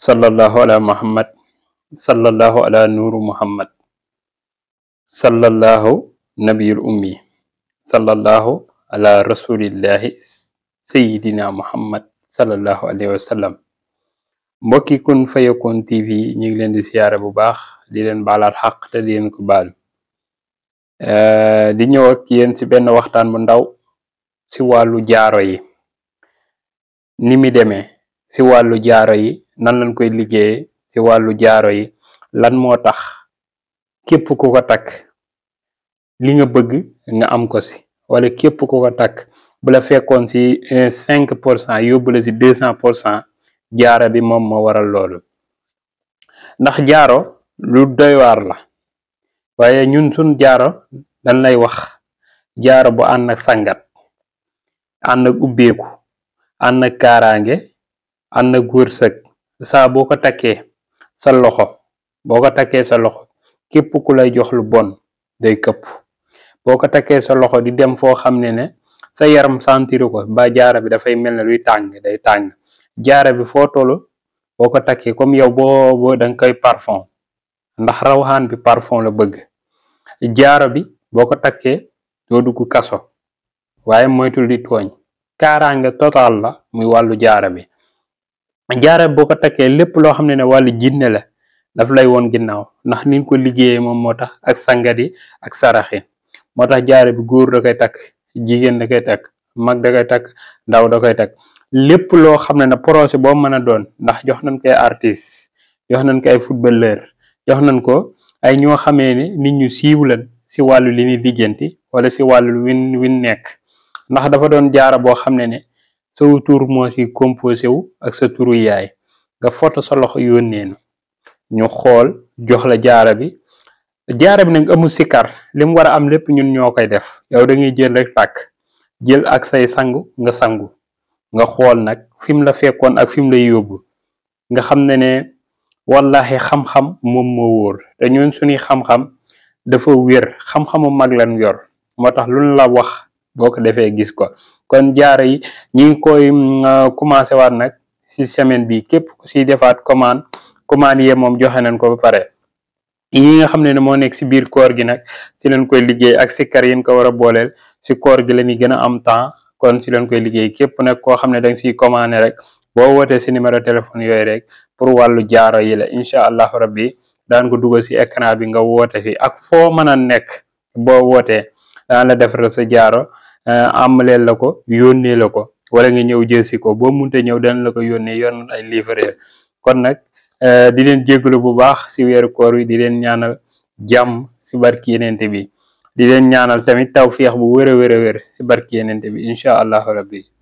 sallallahu ala muhammad sallallahu ala nuru muhammad sallallahu nabiyul ummi sallallahu ala rasulillahi sayidina muhammad sallallahu alayhi wa sallam mbokki Kun Fayakoun TV ñu ngi leen di siyaare bu baax di leen baalaat xaq te di leen ko baalu eh, di ñëw ak yéen ci benn waxtaan bu ndaw ci wàllu jaaro yi ni mi demee wàllu jaaro yi nan lañ koy liggéey ci wàllu jaaro yi lan moo tax képp ku ko takk li nga bëgg nga am ko ci wala képp ku ko takk bu la fekkoon si cinq pour cent yóbbu la si deux cent pour cent jaaro bi moom moo waral loolu ndax jaaro lu doy la waaye ñun sun jaaro dañ lay wax jaaro bu ànd ak sangat ànd ak ubbeeku ànd na kaaraange ànd ak wërsëg saa boo ko takkee sa loxo boo ko takkee sa loxo képp ku lay jox lu bon day këpp boo ko takkee sa loxo di dem foo xam ne ne sa yaram sentiru ko ba jaara bi dafay mel na luy tàng day tàng jaara bi foo tollu boo ko takkee comme yow boo boo danga koy parfum ndax rawaxaan bi parfum la bëgg jaaro bi boo ko takkee doo dugg kaso waaye moytul di tooñ kaaraange total la muy wàllu jaara bi jaarab boo ko takkee lépp loo xam ne ne wàllu jinne la daf lay woon ginnaaw ndax niñ ko liggéeyee moom moo tax ak sangat yi ak sarax yi moo tax jaare bi góor da koy takk jigéen da koy takk mag da koy takk ndaw da koy takk lépp loo xam ne ne projet boo mën a doon ndax jox nañ ko ay artiste jox nañ ko ay footballeur jox nañ ko ay ñoo xamee ne nit ñu siiw si wàllu li ñuy lijjanti wala si wàllu win win nekk ndax dafa doon jaara boo xam ne saw tur moo ci composé wu ak sa turu yaay nga foto sa loxo yónnee ñu ñu xool jox la jaara bi jaara bi nag amul sikar li mu war a am lépp ñun ñoo koy def yow da ngay jël rek tàkk jël ak say sangu nga sangu nga xool nag fi la fekkoon ak fi mu lay yóbbu nga xam ne ne wallahi xam-xam moom moo wóor te ñun suñuy xam-xam dafa wér xam-xamu mag lan yor moo tax luñ la wax boo ko defee gis ko kon jaaro yi ñi ngi koy euh, commencé waat nag si semaine bi képp ku si defaat commande commande yee moom joxe nañ ko ba pare yi nga xam ne ne moo nekk si biir koor gi nag si leen koy liggéey ak si sikkar yin ko war a booleel si koor gi la ñuy gën a am temps kon si leen koy liggéey képp nag koo xam ne dang nga siy commandé rek boo wootee si numéro téléphone yooyu rek pour wàllu jaaro yi la incha allahu rabbi daan ko dugal si écran bi nga woote fi ak foo mën a nekk boo wootee daan la defaral sa jaaro eh, amaleel la ko yónnee la ko wala nga ñëw jëlsi ko boo munte ñëw dana la ko yónnee yor na ay livreur kon nag eh, di leen jégalu bu baax si weeru koor wi di leen ñaanal jàmm si barki yenente bi di leen ñaanal tamit tawféex bu wér a wér a wér si barki yenente bi incha allahu rabbi